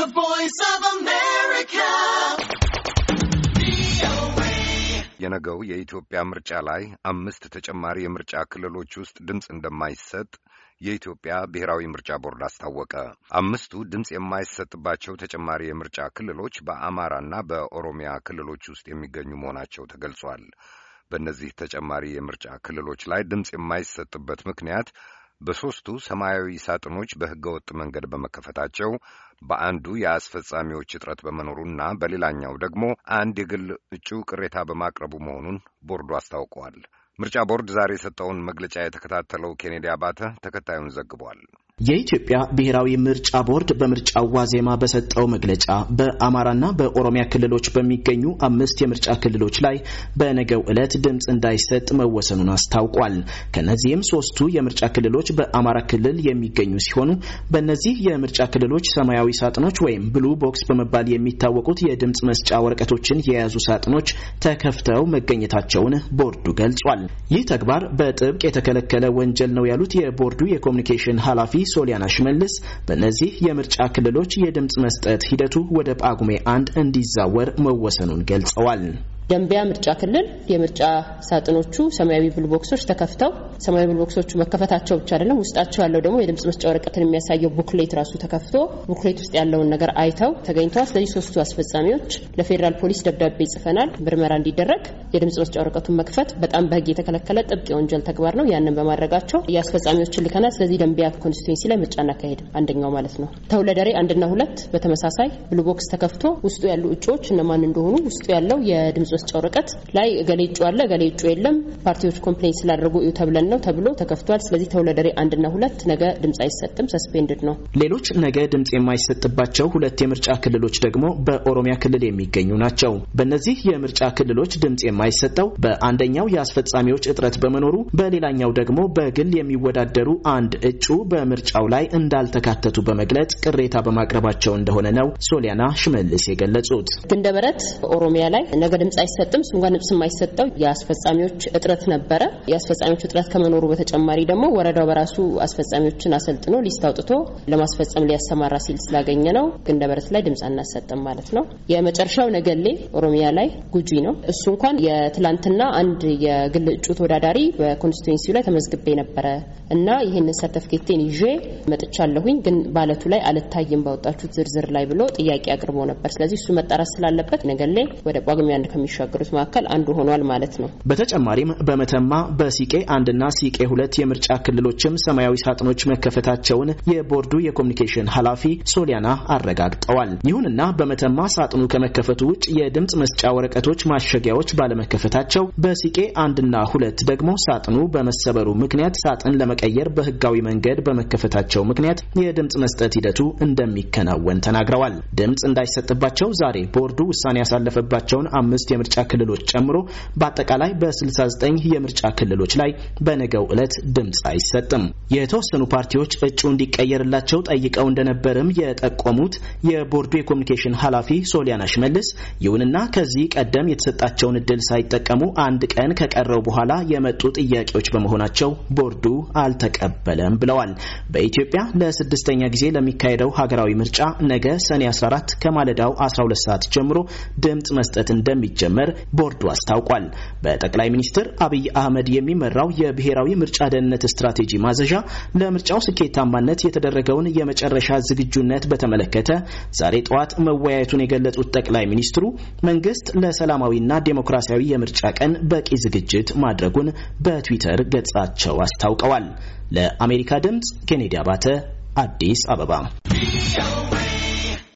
The Voice of America. የነገው የኢትዮጵያ ምርጫ ላይ አምስት ተጨማሪ የምርጫ ክልሎች ውስጥ ድምፅ እንደማይሰጥ የኢትዮጵያ ብሔራዊ ምርጫ ቦርድ አስታወቀ። አምስቱ ድምፅ የማይሰጥባቸው ተጨማሪ የምርጫ ክልሎች በአማራና በኦሮሚያ ክልሎች ውስጥ የሚገኙ መሆናቸው ተገልጿል። በእነዚህ ተጨማሪ የምርጫ ክልሎች ላይ ድምፅ የማይሰጥበት ምክንያት በሦስቱ ሰማያዊ ሳጥኖች በሕገወጥ መንገድ በመከፈታቸው በአንዱ የአስፈጻሚዎች እጥረት በመኖሩና በሌላኛው ደግሞ አንድ የግል እጩ ቅሬታ በማቅረቡ መሆኑን ቦርዱ አስታውቀዋል። ምርጫ ቦርድ ዛሬ የሰጠውን መግለጫ የተከታተለው ኬኔዲ አባተ ተከታዩን ዘግቧል። የኢትዮጵያ ብሔራዊ ምርጫ ቦርድ በምርጫው ዋዜማ በሰጠው መግለጫ በአማራና በኦሮሚያ ክልሎች በሚገኙ አምስት የምርጫ ክልሎች ላይ በነገው ዕለት ድምፅ እንዳይሰጥ መወሰኑን አስታውቋል። ከነዚህም ሶስቱ የምርጫ ክልሎች በአማራ ክልል የሚገኙ ሲሆኑ በእነዚህ የምርጫ ክልሎች ሰማያዊ ሳጥኖች ወይም ብሉ ቦክስ በመባል የሚታወቁት የድምፅ መስጫ ወረቀቶችን የያዙ ሳጥኖች ተከፍተው መገኘታቸውን ቦርዱ ገልጿል። ይህ ተግባር በጥብቅ የተከለከለ ወንጀል ነው ያሉት የቦርዱ የኮሚኒኬሽን ኃላፊ ሶሊያና ሽመልስ በእነዚህ የምርጫ ክልሎች የድምፅ መስጠት ሂደቱ ወደ ጳጉሜ አንድ እንዲዛወር መወሰኑን ገልጸዋል። ደንቢያ ምርጫ ክልል የምርጫ ሳጥኖቹ ሰማያዊ ብልቦክሶች ተከፍተው ሰማያዊ ቦክሶቹ መከፈታቸው ብቻ አይደለም፣ ውስጣቸው ያለው ደግሞ የድምጽ መስጫ ወረቀትን የሚያሳየው ቡክሌት ራሱ ተከፍቶ ቡክሌት ውስጥ ያለውን ነገር አይተው ተገኝተዋል። ስለዚህ ሶስቱ አስፈጻሚዎች ለፌዴራል ፖሊስ ደብዳቤ ጽፈናል፣ ምርመራ እንዲደረግ የድምጽ መስጫ ወረቀቱን መክፈት በጣም በህግ የተከለከለ ጥብቅ የወንጀል ተግባር ነው። ያንን በማድረጋቸው የአስፈጻሚዎችን ልከናል። ስለዚህ ደንቢያ ኮንስቲቱንሲ ላይ ምርጫ እናካሄድ አንደኛው ማለት ነው። ተውለደሬ አንድና ሁለት በተመሳሳይ ብሉ ቦክስ ተከፍቶ ውስጡ ያሉ እጩዎች እነማን እንደሆኑ ውስጡ ያለው የድምጽ መስጫ ወረቀት ላይ እገሌ እጩ አለ እገሌ እጩ የለም ፓርቲዎች ኮምፕሌንት ስላደረጉ እዩ ተብለን ነው ተብሎ ተከፍቷል። ስለዚህ ተወዳዳሪ አንድና ሁለት ነገ ድምጽ አይሰጥም፣ ሰስፔንድድ ነው። ሌሎች ነገ ድምጽ የማይሰጥባቸው ሁለት የምርጫ ክልሎች ደግሞ በኦሮሚያ ክልል የሚገኙ ናቸው። በእነዚህ የምርጫ ክልሎች ድምጽ የማይሰጠው በአንደኛው የአስፈጻሚዎች እጥረት በመኖሩ በሌላኛው ደግሞ በግል የሚወዳደሩ አንድ እጩ በምርጫው ላይ እንዳልተካተቱ በመግለጽ ቅሬታ በማቅረባቸው እንደሆነ ነው ሶሊያና ሽመልስ የገለጹት። ግንደበረት ኦሮሚያ ላይ ነገ ድምጽ አይሰጥም። ሱንጋ ድምጽ የማይሰጠው የአስፈጻሚዎች እጥረት ነበረ። የአስፈጻሚዎች እጥረት ከመኖሩ በተጨማሪ ደግሞ ወረዳው በራሱ አስፈጻሚዎችን አሰልጥኖ ሊስት አውጥቶ ለማስፈጸም ሊያሰማራ ሲል ስላገኘ ነው ግን ደበረት ላይ ድምጽ አናሰጥም ማለት ነው። የመጨረሻው ነገሌ ኦሮሚያ ላይ ጉጂ ነው። እሱ እንኳን የትላንትና አንድ የግል እጩ ተወዳዳሪ በኮንስቲቱዌንሲው ላይ ተመዝግቤ ነበረ እና ይህንን ሰርተፍኬቴን ይዤ መጥቻለሁኝ፣ ግን ባለቱ ላይ አልታይም ባወጣችሁት ዝርዝር ላይ ብሎ ጥያቄ አቅርቦ ነበር። ስለዚህ እሱ መጣራት ስላለበት ነገሌ ወደ ጳጉሜ አንድ ከሚሻገሩት መካከል አንዱ ሆኗል ማለት ነው። በተጨማሪም በመተማ በሲቄ አንድና ሲቄ ሁለት የምርጫ ክልሎችም ሰማያዊ ሳጥኖች መከፈታቸውን የቦርዱ የኮሚኒኬሽን ኃላፊ ሶሊያና አረጋግጠዋል። ይሁንና በመተማ ሳጥኑ ከመከፈቱ ውጭ የድምፅ መስጫ ወረቀቶች ማሸጊያዎች ባለመከፈታቸው በሲቄ አንድና ሁለት ደግሞ ሳጥኑ በመሰበሩ ምክንያት ሳጥን ለመቀየር በህጋዊ መንገድ በመከፈታቸው ምክንያት የድምፅ መስጠት ሂደቱ እንደሚከናወን ተናግረዋል። ድምፅ እንዳይሰጥባቸው ዛሬ ቦርዱ ውሳኔ ያሳለፈባቸውን አምስት የምርጫ ክልሎች ጨምሮ በአጠቃላይ በ69 የምርጫ ክልሎች ላይ በነገው ዕለት ድምፅ አይሰጥም። የተወሰኑ ፓርቲዎች እጩ እንዲቀየርላቸው ጠይቀው እንደነበርም የጠቆሙት የቦርዱ የኮሚኒኬሽን ኃላፊ ሶሊያና ሽመልስ፣ ይሁንና ከዚህ ቀደም የተሰጣቸውን እድል ሳይጠቀሙ አንድ ቀን ከቀረው በኋላ የመጡ ጥያቄዎች በመሆናቸው ቦርዱ አልተቀበለም ብለዋል። በኢትዮጵያ ለስድስተኛ ጊዜ ለሚካሄደው ሀገራዊ ምርጫ ነገ ሰኔ 14 ከማለዳው 12 ሰዓት ጀምሮ ድምፅ መስጠት እንደሚጀመር ቦርዱ አስታውቋል። በጠቅላይ ሚኒስትር አብይ አህመድ የሚመራው የ የብሔራዊ ምርጫ ደህንነት ስትራቴጂ ማዘዣ ለምርጫው ስኬታማነት የተደረገውን የመጨረሻ ዝግጁነት በተመለከተ ዛሬ ጠዋት መወያየቱን የገለጹት ጠቅላይ ሚኒስትሩ መንግስት ለሰላማዊና ዴሞክራሲያዊ የምርጫ ቀን በቂ ዝግጅት ማድረጉን በትዊተር ገጻቸው አስታውቀዋል። ለአሜሪካ ድምጽ ኬኔዲ አባተ አዲስ አበባ